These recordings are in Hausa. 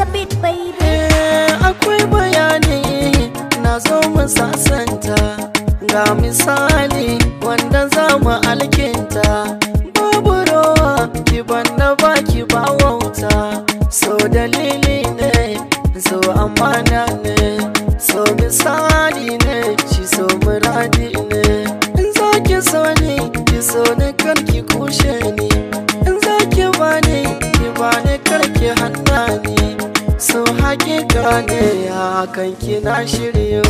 da bit baby eh, akwai bayani na zo mu sasanta ga misali wanda za mu alkinta babu rowa ki banna baki ba wauta so dalili ne so amana ne so misali ne shi so muradi ne in za ki so ni ki so ni kar ki kushe ni in za ki bani ki bani kar ki hannu mutane hakan kina shiryo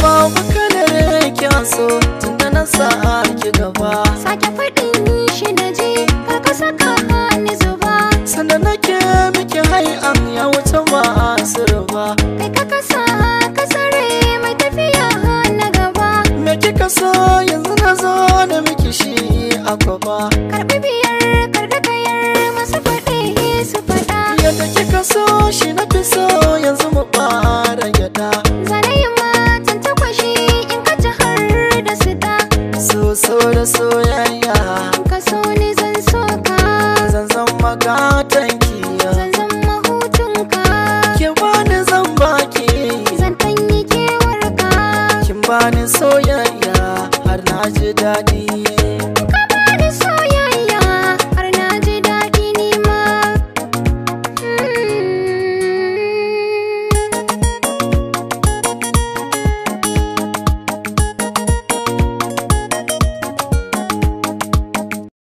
babu kalar kyan so tunda na sa ki gaba sake faɗin shi na je ka ka saka ni zuba sanda ke miki hai an ya wuce ba asir ba kai ka kasa ka sare mai tafiya na gaba me kika so yanzu na zo da miki shi a gaba karɓi biyar karɗa kayar masu faɗi su faɗa yadda kika so shi na fi so yanzu bani soyayya har na ji daɗi